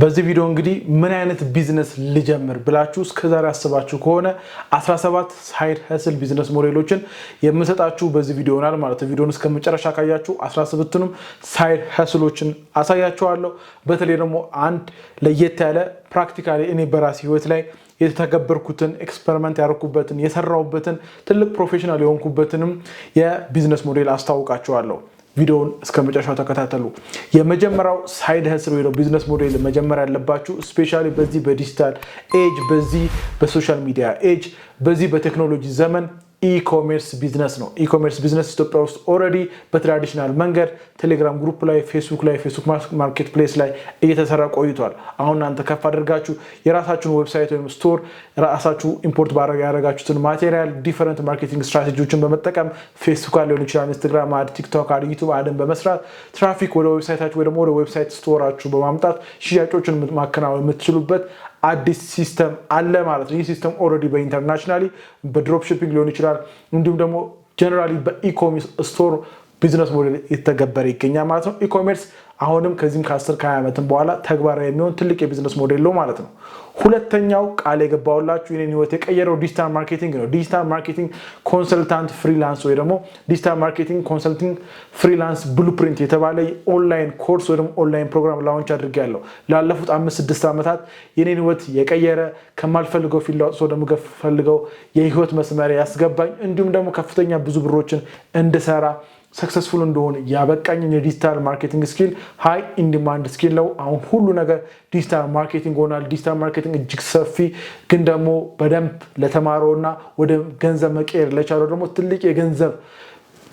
በዚህ ቪዲዮ እንግዲህ ምን አይነት ቢዝነስ ልጀምር ብላችሁ እስከዛሬ አስባችሁ ከሆነ 17 ሳይድ ሀስል ቢዝነስ ሞዴሎችን የምሰጣችሁ በዚህ ቪዲዮ ይሆናል ማለት ነው። ቪዲዮን እስከ መጨረሻ ካያችሁ 17ቱንም ሳይድ ሀስሎችን አሳያችኋለሁ። በተለይ ደግሞ አንድ ለየት ያለ ፕራክቲካሊ እኔ በራሴ ህይወት ላይ የተተገበርኩትን ኤክስፐሪመንት ያደርኩበትን የሰራሁበትን ትልቅ ፕሮፌሽናል የሆንኩበትንም የቢዝነስ ሞዴል አስታውቃችኋለሁ። ቪዲዮውን እስከ መጨረሻው ተከታተሉ። የመጀመሪያው ሳይድ ሀስል ወይ ቢዝነስ ሞዴል መጀመሪያ ያለባችሁ እስፔሻሊ በዚህ በዲጂታል ኤጅ በዚህ በሶሻል ሚዲያ ኤጅ በዚህ በቴክኖሎጂ ዘመን ኢኮሜርስ ቢዝነስ ነው። ኢኮሜርስ ቢዝነስ ኢትዮጵያ ውስጥ ኦልሬዲ በትራዲሽናል መንገድ ቴሌግራም ግሩፕ ላይ፣ ፌስቡክ ላይ፣ ፌስቡክ ማርኬት ፕሌስ ላይ እየተሰራ ቆይቷል። አሁን እናንተ ከፍ አድርጋችሁ የራሳችሁን ዌብሳይት ወይም ስቶር ራሳችሁ ኢምፖርት ያደረጋችሁትን ማቴሪያል ዲፈረንት ማርኬቲንግ ስትራቴጂዎችን በመጠቀም ፌስቡክ ሊሆን ይችላል፣ ኢንስትግራም አድ፣ ቲክቶክ አድ፣ ዩቱብ አድን በመስራት ትራፊክ ወደ ዌብሳይታችሁ ወይ ደግሞ ወደ ዌብሳይት ስቶራችሁ በማምጣት ሽያጮችን ማከናወን የምትችሉበት አዲስ ሲስተም አለ ማለት ነው። ይህ ሲስተም ኦልሬዲ በኢንተርናሽናሊ በድሮፕ ሺፒንግ ሊሆን ይችላል እንዲሁም ደግሞ ጀነራሊ በኢኮሚስ ስቶር ቢዝነስ ሞዴል እየተገበረ ይገኛል ማለት ነው። ኢኮሜርስ አሁንም ከዚህም ከ10 ከ20 ዓመትም በኋላ ተግባራዊ የሚሆን ትልቅ የቢዝነስ ሞዴል ነው ማለት ነው። ሁለተኛው ቃል የገባውላችሁ የእኔን ህይወት የቀየረው ዲጂታል ማርኬቲንግ ነው። ዲጂታል ማርኬቲንግ ኮንሰልታንት ፍሪላንስ ወይ ደግሞ ዲጂታል ማርኬቲንግ ኮንሰልቲንግ ፍሪላንስ ብሉፕሪንት የተባለ ኦንላይን ኮርስ ወይ ደግሞ ኦንላይን ፕሮግራም ላውንች አድርጌያለሁ። ላለፉት አምስት ስድስት ዓመታት የኔን ህይወት የቀየረ ከማልፈልገው ፊልድ አውጥቶ ደግሞ ከፈልገው የህይወት መስመሪያ ያስገባኝ እንዲሁም ደግሞ ከፍተኛ ብዙ ብሮችን እንድሰራ ሰክሰስፉል እንደሆን ያበቃኝን የዲጂታል ማርኬቲንግ ስኪል ሃይ ኢንዲማንድ ስኪል ነው። አሁን ሁሉ ነገር ዲጂታል ማርኬቲንግ ሆናል። ዲጂታል ማርኬቲንግ እጅግ ሰፊ ግን ደግሞ በደንብ ለተማረውና ወደ ገንዘብ መቀየር ለቻለው ደግሞ ትልቅ የገንዘብ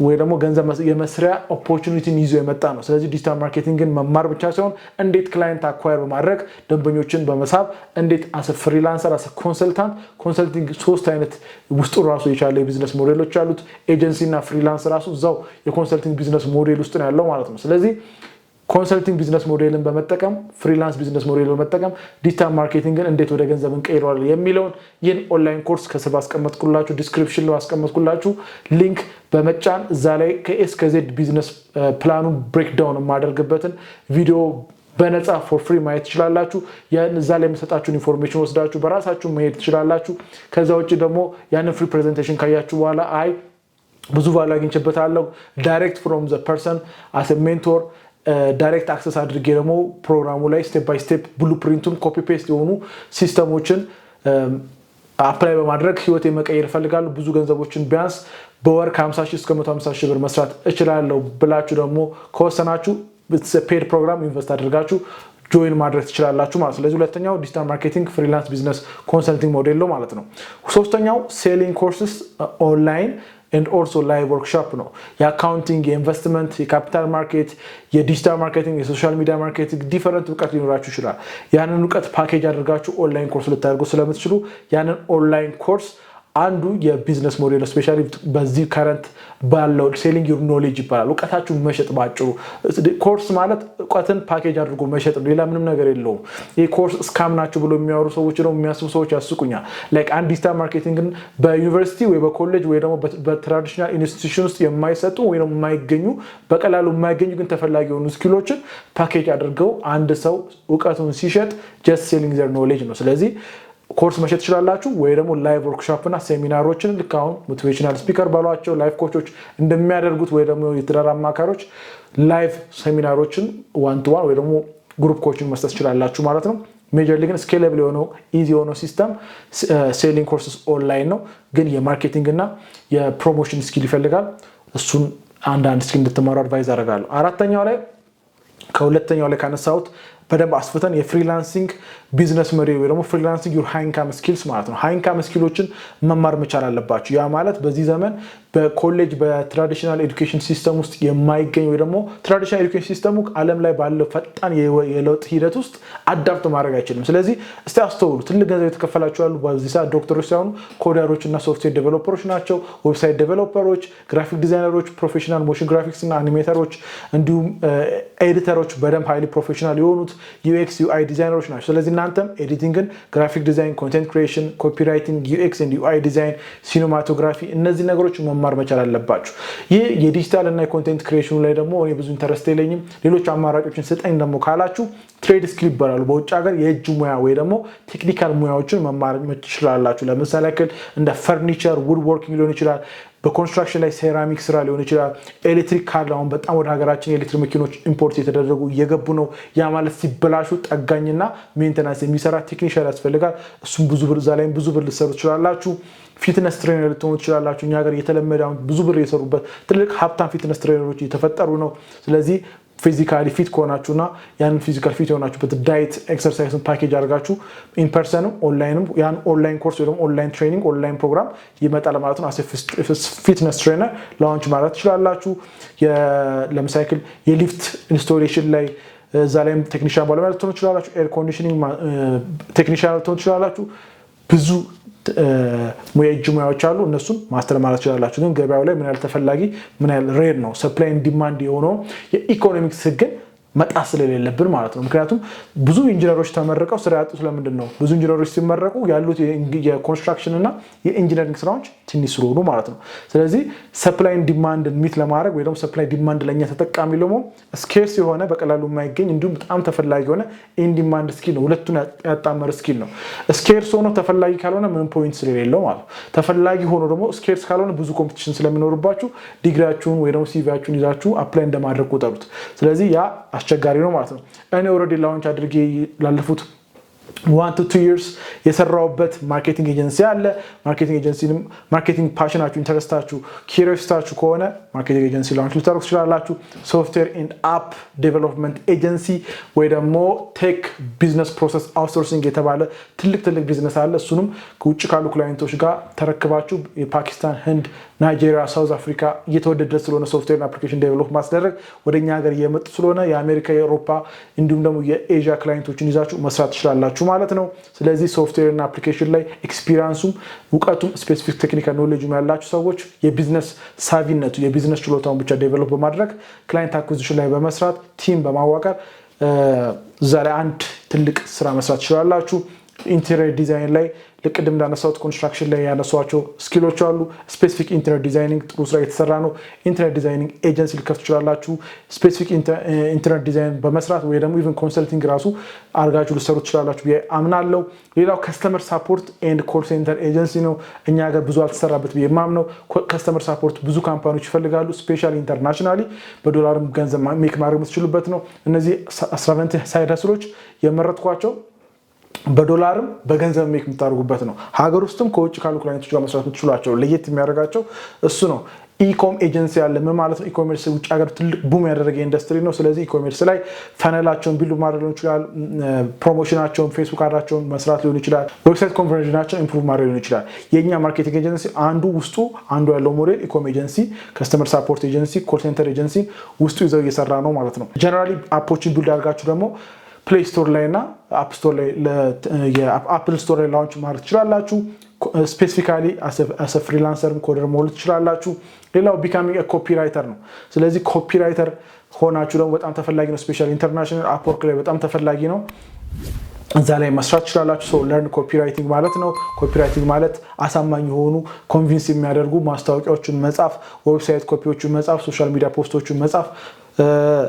ወይ ደግሞ ገንዘብ የመስሪያ ኦፖርቹኒቲን ይዞ የመጣ ነው። ስለዚህ ዲጂታል ማርኬቲንግን መማር ብቻ ሳይሆን እንዴት ክላይንት አኳየር በማድረግ ደንበኞችን በመሳብ እንዴት አሰ ፍሪላንሰር አስ ኮንሰልታንት ኮንሰልቲንግ ሶስት አይነት ውስጡ ራሱ የቻለ የቢዝነስ ሞዴሎች አሉት። ኤጀንሲ እና ፍሪላንስ ራሱ እዛው የኮንሰልቲንግ ቢዝነስ ሞዴል ውስጥ ነው ያለው ማለት ነው። ስለዚህ ኮንሰልቲንግ ቢዝነስ ሞዴልን በመጠቀም ፍሪላንስ ቢዝነስ ሞዴል በመጠቀም ዲጂታል ማርኬቲንግን እንዴት ወደ ገንዘብ እንቀይረዋል የሚለውን ይህን ኦንላይን ኮርስ ከስር አስቀመጥኩላችሁ፣ ዲስክሪፕሽን ላይ አስቀመጥኩላችሁ ሊንክ በመጫን እዛ ላይ ከኤስ ከዜድ ቢዝነስ ፕላኑን ብሬክዳውን የማደርግበትን ቪዲዮ በነፃ ፎር ፍሪ ማየት ትችላላችሁ። እዛ ላይ የምሰጣችሁን ኢንፎርሜሽን ወስዳችሁ በራሳችሁ መሄድ ትችላላችሁ። ከዛ ውጭ ደግሞ ያንን ፍሪ ፕሬዘንቴሽን ካያችሁ በኋላ አይ ብዙ ቫሉ አግኝቼበታለሁ ዳይሬክት ፍሮም ዘ ፐርሰን አስ ሜንቶር ዳይሬክት አክሰስ አድርጌ ደግሞ ፕሮግራሙ ላይ ስቴፕ ባይ ስቴፕ ብሉፕሪንቱን ኮፒ ፔስት የሆኑ ሲስተሞችን አፕላይ በማድረግ ህይወት መቀየር ይፈልጋሉ። ብዙ ገንዘቦችን ቢያንስ በወር ከ50 እስከ 150 ብር መስራት እችላለሁ ብላችሁ ደግሞ ከወሰናችሁ ፔድ ፕሮግራም ኢንቨስት አድርጋችሁ ጆይን ማድረግ ትችላላችሁ ማለት ስለዚህ ሁለተኛው ዲጂታል ማርኬቲንግ ፍሪላንስ ቢዝነስ ኮንሰልቲንግ ሞዴል ነው ማለት ነው ሶስተኛው ሴሊንግ ኮርስስ ኦንላይን ኤንድ ኦልሶ ላይቭ ወርክሾፕ ነው። የአካውንቲንግ፣ የኢንቨስትመንት፣ የካፒታል ማርኬት፣ የዲጂታል ማርኬቲንግ፣ የሶሻል ሚዲያ ማርኬቲንግ ዲፈረንት እውቀት ሊኖራችሁ ይችላል። ያንን እውቀት ፓኬጅ አድርጋችሁ ኦንላይን ኮርስ ልታደርጉ ስለምትችሉ ያንን ኦንላይን ኮርስ አንዱ የቢዝነስ ሞዴል ስፔሻሊ በዚህ ከረንት ባለው ሴሊንግ ዩር ኖሌጅ ይባላል። እውቀታችሁን መሸጥ ባጭሩ። ኮርስ ማለት እውቀትን ፓኬጅ አድርጎ መሸጥ ነው፣ ሌላ ምንም ነገር የለውም። ይህ ኮርስ እስካም ናቸው ብሎ የሚያወሩ ሰዎች ነው የሚያስቡ ሰዎች ያስቁኛል። ላይክ አንድ ዲጂታል ማርኬቲንግን በዩኒቨርሲቲ ወይ በኮሌጅ ወይ ደግሞ በትራዲሽናል ኢንስቲትዩሽን ውስጥ የማይሰጡ ወይ ደግሞ የማይገኙ በቀላሉ የማይገኙ ግን ተፈላጊ የሆኑ ስኪሎችን ፓኬጅ አድርገው አንድ ሰው እውቀቱን ሲሸጥ ጀስት ሴሊንግ ዘር ኖሌጅ ነው። ስለዚህ ኮርስ መሸጥ ትችላላችሁ ወይ ደግሞ ላይቭ ወርክሾፕና ሴሚናሮችን ልክ አሁን ሞቲቬሽናል ስፒከር ባሏቸው ላይፍ ኮቾች እንደሚያደርጉት ወይ ደግሞ የትዳር አማካሪዎች ላይቭ ሴሚናሮችን ዋን ቱ ዋን ወይ ደግሞ ግሩፕ ኮችን መስጠት ትችላላችሁ ማለት ነው። ሜጀር ሊግን ስኬለብል የሆነው ኢዚ የሆነው ሲስተም ሴሊንግ ኮርስስ ኦንላይን ነው፣ ግን የማርኬቲንግ እና የፕሮሞሽን ስኪል ይፈልጋል። እሱን አንዳንድ ስኪል እንድትማሩ አድቫይዝ አደርጋለሁ። አራተኛው ላይ ከሁለተኛው ላይ ካነሳሁት በደንብ አስፍተን የፍሪላንሲንግ ቢዝነስ መሪ ወይ ደግሞ ፍሪላንሲንግ ዩር ሃይንካም ስኪልስ ማለት ነው ሃይንካም ስኪሎችን መማር መቻል አለባቸው። ያ ማለት በዚህ ዘመን በኮሌጅ በትራዲሽናል ኤዱኬሽን ሲስተም ውስጥ የማይገኝ ወይ ደግሞ ትራዲሽናል ኤዱኬሽን ሲስተሙ ዓለም ላይ ባለው ፈጣን የለውጥ ሂደት ውስጥ አዳፕት ማድረግ አይችልም። ስለዚህ እስቲ አስተውሉ። ትልቅ ገንዘብ የተከፈላቸው ያሉ በዚህ ሰዓት ዶክተሮች ሳይሆኑ ኮደሮች እና ሶፍትዌር ዴቨሎፐሮች ናቸው። ዌብሳይት ዴቨሎፐሮች፣ ግራፊክ ዲዛይነሮች፣ ፕሮፌሽናል ሞሽን ግራፊክስ እና አኒሜተሮች እንዲሁም ኤዲተሮች በደንብ ሀይሊ ፕሮፌሽናል የሆኑት ዩኤክስ ዩአይ ዲዛይነሮች ናቸው። ስለዚህ እናንተም ኤዲቲንግን፣ ግራፊክ ዲዛይን፣ ኮንቴንት ክሪኤሽን፣ ኮፒራይቲንግ፣ ዩኤክስ ዩአይ ዲዛይን፣ ሲኒማቶግራፊ እነዚህ ነገሮች መማር መቻል አለባችሁ። ይህ የዲጂታል እና የኮንቴንት ክሬሽኑ ላይ ደግሞ እኔ ብዙ ኢንተረስት የለኝም ሌሎች አማራጮችን ስጠኝ ደግሞ ካላችሁ ትሬድ ስኪል ይባላሉ። በውጭ ሀገር የእጅ ሙያ ወይ ደግሞ ቴክኒካል ሙያዎችን መማር ትችላላችሁ። ለምሳሌ ያክል እንደ ፈርኒቸር፣ ውድ ወርኪንግ ሊሆን ይችላል በኮንስትራክሽን ላይ ሴራሚክ ስራ ሊሆን ይችላል። ኤሌክትሪክ ካለ አሁን በጣም ወደ ሀገራችን የኤሌክትሪክ መኪኖች ኢምፖርት የተደረጉ እየገቡ ነው። ያ ማለት ሲበላሹ ጠጋኝና ሜንተናንስ የሚሰራ ቴክኒሻል ያስፈልጋል። እሱም ብዙ ብር እዛ ላይም ብዙ ብር ልሰሩ ትችላላችሁ። ፊትነስ ትሬነር ልትሆኑ ትችላላችሁ። እኛ ሀገር የተለመደ ብዙ ብር የሰሩበት ትልቅ ሀብታም ፊትነስ ትሬነሮች እየተፈጠሩ ነው። ስለዚህ ፊዚካሊ ፊት ከሆናችሁና ያንን ፊዚካል ፊት የሆናችሁበት ዳይት ኤክሰርሳይዝን ፓኬጅ አድርጋችሁ ኢንፐርሰንም ኦንላይንም ያን ኦንላይን ኮርስ ወይ ኦንላይን ትሬኒንግ ኦንላይን ፕሮግራም ይመጣል ማለት ነው። አሴ ፊትነስ ትሬነር ላውንች ማለት ትችላላችሁ። ለምሳሌ የሊፍት ኢንስቶሌሽን ላይ እዛ ላይም ቴክኒሽያን ባለሙያ ልትሆኑ ትችላላችሁ። ኤር ኮንዲሽኒንግ ቴክኒሽያን ልትሆኑ ትችላላችሁ ብዙ የእጅ ሙያዎች አሉ። እነሱም ማስተር ማለት ትችላላችሁ። ግን ገበያው ላይ ምን ያህል ተፈላጊ ምን ያህል ሬር ነው ሰፕላይ ዲማንድ የሆነው የኢኮኖሚክስ ህግን መጣ ስለሌለብን ማለት ነው። ምክንያቱም ብዙ ኢንጂነሮች ተመርቀው ስራ ያጡ ስለምንድን ነው? ብዙ ኢንጂነሮች ሲመረቁ ያሉት የኮንስትራክሽን እና የኢንጂነሪንግ ስራዎች ትንሽ ስለሆኑ ማለት ነው። ስለዚህ ሰፕላይን ዲማንድ ሚት ለማድረግ ወይ ደግሞ ሰፕላይ ዲማንድ ለእኛ ተጠቃሚ ለሞ ስኬርስ የሆነ በቀላሉ የማይገኝ እንዲሁም በጣም ተፈላጊ የሆነ ኢን ዲማንድ ስኪል ነው። ሁለቱን ያጣመር ስኪል ነው። ስኬርስ ሆኖ ተፈላጊ ካልሆነ ምንም ፖይንት ስለሌለው ማለት ነው። ተፈላጊ ሆኖ ደግሞ ስኬርስ ካልሆነ ብዙ ኮምፒቲሽን ስለሚኖርባችሁ ዲግሪያችሁን ወይ ደግሞ ሲቪያችሁን ይዛችሁ አፕላይ እንደማድረግ ቆጠሩት። ስለዚህ ያ አስቸጋሪ ነው ማለት ነው። እኔ ኦልሬዲ ላውንች አድርጌ ላለፉት ዋን ቱ ቱ ይርስ የሰራውበት ማርኬቲንግ ኤጀንሲ አለ። ማርኬቲንግ ኤጀንሲንም ማርኬቲንግ ፓሽናችሁ፣ ኢንተረስታችሁ፣ ከሆነ ማርኬቲንግ ኤጀንሲ ላውንች ልታደርጉ ትችላላችሁ። ሶፍትዌር ኤንድ አፕ ዴቨሎፕመንት ኤጀንሲ ወይ ደግሞ ቴክ ቢዝነስ ፕሮሰስ አውትሶርሲንግ የተባለ ትልቅ ትልቅ ቢዝነስ አለ። እሱንም ውጭ ካሉ ክላይንቶች ጋር ተረክባችሁ የፓኪስታን ህንድ ናይጄሪያ፣ ሳውዝ አፍሪካ እየተወደደ ስለሆነ ሶፍትዌር አፕሊኬሽን ዴቨሎፕ ማስደረግ ወደ እኛ ሀገር እየመጡ ስለሆነ የአሜሪካ የአውሮፓ እንዲሁም ደግሞ የኤዥያ ክላይንቶችን ይዛችሁ መስራት ትችላላችሁ ማለት ነው። ስለዚህ ሶፍትዌርና አፕሊኬሽን ላይ ኤክስፒሪንሱም እውቀቱም ስፔሲፊክ ቴክኒካል ኖሌጅም ያላችሁ ሰዎች የቢዝነስ ሳቪነቱ የቢዝነስ ችሎታውን ብቻ ዴቨሎፕ በማድረግ ክላይንት አኩዚሽን ላይ በመስራት ቲም በማዋቀር እዛ ላይ አንድ ትልቅ ስራ መስራት ትችላላችሁ። ኢንቴሪየር ዲዛይን ላይ ቅድም እንዳነሳሁት ኮንስትራክሽን ላይ ያነሷቸው ስኪሎች አሉ። ስፔሲፊክ ኢንቴሪየር ዲዛይኒንግ ጥሩ ስራ የተሰራ ነው። ኢንቴሪየር ዲዛይኒንግ ኤጀንሲ ልከፍት ትችላላችሁ። ስፔሲፊክ ኢንቴሪየር ዲዛይን በመስራት ወይ ደግሞ ኢቨን ኮንሰልቲንግ ራሱ አድርጋችሁ ልሰሩ ትችላላችሁ ብዬ አምናለሁ። ሌላው ከስተመር ሳፖርት ኤንድ ኮል ሴንተር ኤጀንሲ ነው። እኛ ሀገር ብዙ አልተሰራበት ብዬ የማምነው ከስተመር ሳፖርት ብዙ ካምፓኒዎች ይፈልጋሉ። ስፔሻሊ ኢንተርናሽናሊ በዶላርም ገንዘብ ሜክ ማድረግ የምትችሉበት ነው። እነዚህ ሳይድ ሀስሎች የመረጥኳቸው በዶላርም በገንዘብ ሜክ የምታደርጉበት ነው። ሀገር ውስጥም ከውጭ ካሉ ክላይንቶች ጋር መስራት የምትችሏቸው ለየት የሚያደርጋቸው እሱ ነው። ኢኮም ኤጀንሲ ያለ ምን ማለት ነው? ኢኮሜርስ ውጭ ሀገር ትልቅ ቡም ያደረገ ኢንዱስትሪ ነው። ስለዚህ ኢኮሜርስ ላይ ፈነላቸውን ቢሉ ማድረግ ሊሆን ይችላል፣ ፕሮሞሽናቸውን፣ ፌስቡክ አድራቸውን መስራት ሊሆን ይችላል፣ ዌብሳይት ኮንቨርዥናቸውን ኢምፕሩቭ ማድረግ ሊሆን ይችላል። የእኛ ማርኬቲንግ ኤጀንሲ አንዱ ውስጡ አንዱ ያለው ሞዴል ኢኮም ኤጀንሲ፣ ከስተመር ሳፖርት ኤጀንሲ፣ ኮል ሴንተር ኤጀንሲ ውስጡ ይዘው እየሰራ ነው ማለት ነው። ጀነራሊ አፖችን ቢልድ አድርጋችሁ ደግሞ ፕሌይ ስቶር ላይ እና አፕል ስቶር ላይ ላውንች ማድረግ ትችላላችሁ። ስፔሲፊካሊ አሰ ፍሪላንሰርም ኮደር መሆን ትችላላችሁ። ሌላው ቢካሚንግ ኮፒራይተር ነው። ስለዚህ ኮፒራይተር ሆናችሁ ደግሞ በጣም ተፈላጊ ነው። ስፔሻሊ ኢንተርናሽናል አፕወርክ ላይ በጣም ተፈላጊ ነው። እዛ ላይ መስራት ትችላላችሁ። ሰው ለርን ኮፒራይቲንግ ማለት ነው። ኮፒራይቲንግ ማለት አሳማኝ የሆኑ ኮንቪንስ የሚያደርጉ ማስታወቂያዎችን መጻፍ፣ ዌብሳይት ኮፒዎችን መጻፍ፣ ሶሻል ሚዲያ ፖስቶችን መጻፍ eh,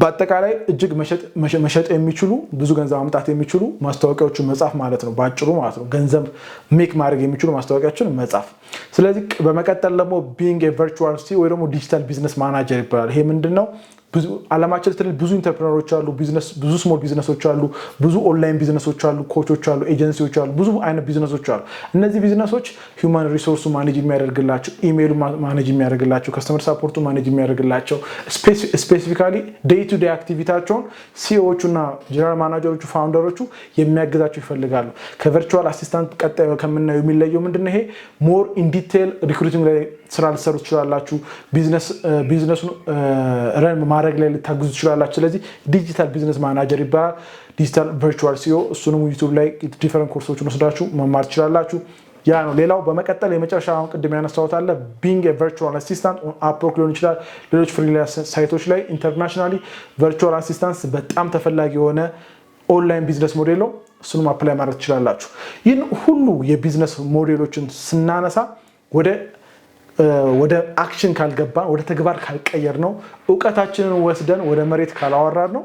በአጠቃላይ እጅግ መሸጥ የሚችሉ ብዙ ገንዘብ ማምጣት የሚችሉ ማስታወቂያዎችን መጻፍ ማለት ነው፣ በአጭሩ ማለት ነው። ገንዘብ ሜክ ማድረግ የሚችሉ ማስታወቂያዎችን መጻፍ። ስለዚህ በመቀጠል ደግሞ ቢንግ ቨርቹዋል ሲ ወይ ደግሞ ዲጂታል ቢዝነስ ማናጀር ይባላል። ይሄ ምንድን ነው? አለማችን ስትል ብዙ ኢንተርፕረነሮች አሉ፣ ብዙ ስሞል ቢዝነሶች አሉ፣ ብዙ ኦንላይን ቢዝነሶች አሉ፣ ኮቾች አሉ፣ ኤጀንሲዎች አሉ፣ ብዙ አይነት ቢዝነሶች አሉ። እነዚህ ቢዝነሶች ሂውማን ሪሶርሱ ማኔጅ የሚያደርግላቸው፣ ኢሜይሉ ማኔጅ የሚያደርግላቸው፣ ከስተመር ሳፖርቱ ማኔጅ የሚያደርግላቸው ስፔሲፊካሊ ዴይ ቱ ዴይ አክቲቪታቸውን ሲኢኦዎቹ እና ጀነራል ማናጀሮቹ ፋውንደሮቹ የሚያግዛቸው ይፈልጋሉ። ከቨርቹዋል አሲስታንት ቀጣዩ ከምናየው የሚለየው ምንድነው? ይሄ ሞር ኢንዲቴል ዲቴይል ሪክሩቲንግ ላይ ስራ ልሰሩ ትችላላችሁ። ቢዝነሱን ረን ማድረግ ላይ ልታግዙ ትችላላችሁ። ስለዚህ ዲጂታል ቢዝነስ ማናጀር ይባላል። ዲጂታል ቨርቹዋል ሲዮ፣ እሱንም ዩቱብ ላይ ዲፈረንት ኮርሶችን ወስዳችሁ መማር ትችላላችሁ። ያ ነው። ሌላው በመቀጠል የመጨረሻ አሁን ቅድም ያነሳሁት አለ ቢንግ ቨርቹዋል አሲስታንት አፕወርክ ሊሆን ይችላል። ሌሎች ፍሪላንስ ሳይቶች ላይ ኢንተርናሽናሊ ቨርቹዋል አሲስታንስ በጣም ተፈላጊ የሆነ ኦንላይን ቢዝነስ ሞዴል ነው። እሱንም አፕላይ ማድረግ ትችላላችሁ። ይህን ሁሉ የቢዝነስ ሞዴሎችን ስናነሳ ወደ ወደ አክሽን ካልገባን ወደ ተግባር ካልቀየር ነው እውቀታችንን ወስደን ወደ መሬት ካላወራ ነው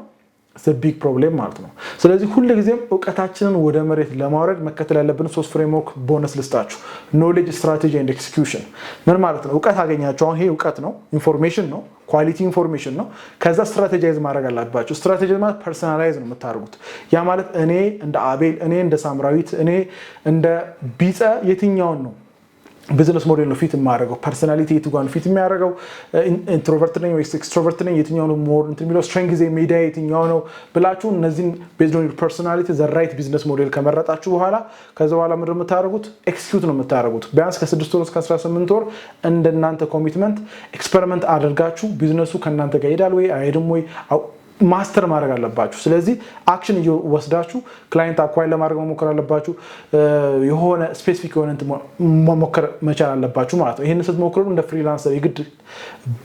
ቢግ ፕሮብሌም ማለት ነው። ስለዚህ ጊዜም እውቀታችንን ወደ መሬት ለማውረድ መከተል ያለብን ሶስት ፍሬምወርክ ቦነስ ልስጣችሁ። ኖሌጅ፣ ስትራቴጂ ኤንድ ኤክስኪዩሽን ምን ማለት ነው? እውቀት አገኛችሁ። አሁን ይሄ እውቀት ነው፣ ኢንፎርሜሽን ነው፣ ኳሊቲ ኢንፎርሜሽን ነው። ከዛ ስትራቴጂይዝ ማድረግ አለባችሁ። ስትራቴጂ ማለት ፐርሰናላይዝ ነው የምታደርጉት። ያ ማለት እኔ እንደ አቤል፣ እኔ እንደ ሳምራዊት፣ እኔ እንደ ቢፀ የትኛውን ነው ቢዝነስ ሞዴል ነው ፊት የማያደርገው ፐርሶናሊቲ የቱ ጋር ነው ፊት የሚያደርገው? ኢንትሮቨርት ነኝ ወይስ ኤክስትሮቨርት ነኝ? የትኛው ነው ሞር እንትን የሚለው ስትሬንግ ጊዜ ሜዲያ የትኛው ነው ብላችሁ እነዚህን ቤዝድ ኦን ፐርሶናሊቲ ዘ ራይት ቢዝነስ ሞዴል ከመረጣችሁ በኋላ ከዚ በኋላ ምድር ነው የምታደርጉት? ኤክስኪዩት ነው የምታደርጉት። ቢያንስ ከስድስት ወር እስከ 18 ወር እንደናንተ ኮሚትመንት ኤክስፐሪመንት አድርጋችሁ ቢዝነሱ ከእናንተ ጋር ይሄዳል ወይ አይሄድም ወይ ማስተር ማድረግ አለባችሁ። ስለዚህ አክሽን እየወስዳችሁ ክላይንት አኳይ ለማድረግ መሞከር አለባችሁ። የሆነ ስፔሲፊክ የሆነ መሞከር መቻል አለባችሁ ማለት ነው። ይህን ስትሞክሩ እንደ ፍሪላንሰር የግድ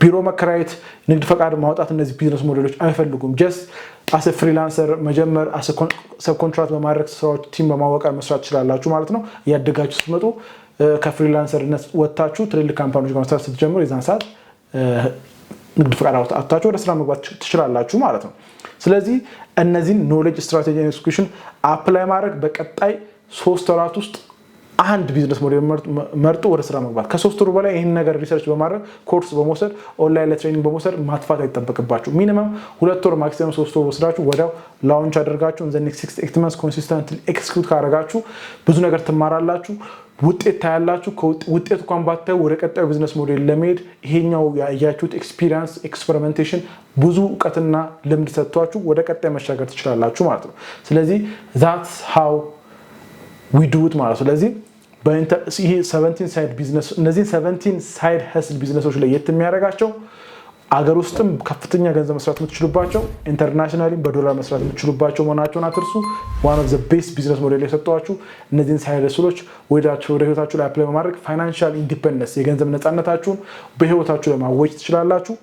ቢሮ መከራየት፣ ንግድ ፈቃድ ማውጣት እነዚህ ቢዝነስ ሞዴሎች አይፈልጉም። ጀስ አሰ ፍሪላንሰር መጀመር ሰብ ኮንትራት በማድረግ ስራዎች ቲም በማወቃል መስራት ትችላላችሁ ማለት ነው። እያደጋችሁ ስትመጡ ከፍሪላንሰርነት ወጥታችሁ ትልልቅ ካምፓኒዎች ጋር መስራት ስትጀምሩ የዛን ሰዓት ንግድ ፈቃድ አውጥታችሁ ወደ ስራ መግባት ትችላላችሁ ማለት ነው። ስለዚህ እነዚህን ኖሌጅ ስትራቴጂ ኤክስኪዩሽን አፕላይ ማድረግ በቀጣይ ሶስት ወራት ውስጥ አንድ ቢዝነስ ሞዴል መርጦ ወደ ስራ መግባት። ከሶስት ወር በላይ ይህን ነገር ሪሰርች በማድረግ ኮርስ በመውሰድ ኦንላይን ለትሬኒንግ በመውሰድ ማጥፋት አይጠበቅባችሁ። ሚኒመም ሁለት ወር ማክሲመም ሶስት ወር ወስዳችሁ ወዲያው ላውንች አደርጋችሁ ዘ ኔክስት ሲክስ ኤይት መንስ ኮንሲስተንት ኤክስኪዩት ካደረጋችሁ ብዙ ነገር ትማራላችሁ ውጤት ታያላችሁ። ውጤት እንኳን ባታዩ ወደ ቀጣዩ ቢዝነስ ሞዴል ለመሄድ ይሄኛው ያያችሁት ኤክስፒሪንስ ኤክስፐሪሜንቴሽን ብዙ እውቀትና ልምድ ሰጥቷችሁ ወደ ቀጣይ መሻገር ትችላላችሁ ማለት ነው። ስለዚህ ዛትስ ሃው ዊ ማለት ነው። ስለዚህ ይሄ ሰቨንቲን ሳይድ ቢዝነስ እነዚህን ሰቨንቲን ሳይድ ሀስል ቢዝነሶች ላይ የት የሚያደርጋቸው አገር ውስጥም ከፍተኛ ገንዘብ መስራት የምትችሉባቸው ኢንተርናሽናሊም በዶላር መስራት የምትችሉባቸው መሆናቸውን አትርሱ። ዋን ኦፍ ዘ ቤስት ቢዝነስ ሞዴል የሰጠኋችሁ እነዚህን ሳይድ ሀስሎች ወደ ህይወታችሁ ላይ አፕላይ በማድረግ ፋይናንሻል ኢንዲፐንደንስ የገንዘብ ነፃነታችሁን በህይወታችሁ ለማወጅ ትችላላችሁ።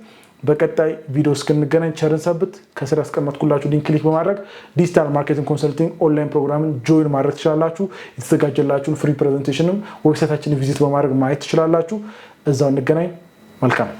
በቀጣይ ቪዲዮ እስክንገናኝ ቸርን ሰብት። ከስር ያስቀመጥኩላችሁ ሊንክ ክሊክ በማድረግ ዲጂታል ማርኬቲንግ ኮንሰልቲንግ ኦንላይን ፕሮግራምን ጆይን ማድረግ ትችላላችሁ። የተዘጋጀላችሁን ፍሪ ፕሬዘንቴሽንም ዌብሳይታችንን ቪዚት በማድረግ ማየት ትችላላችሁ። እዛው እንገናኝ። መልካም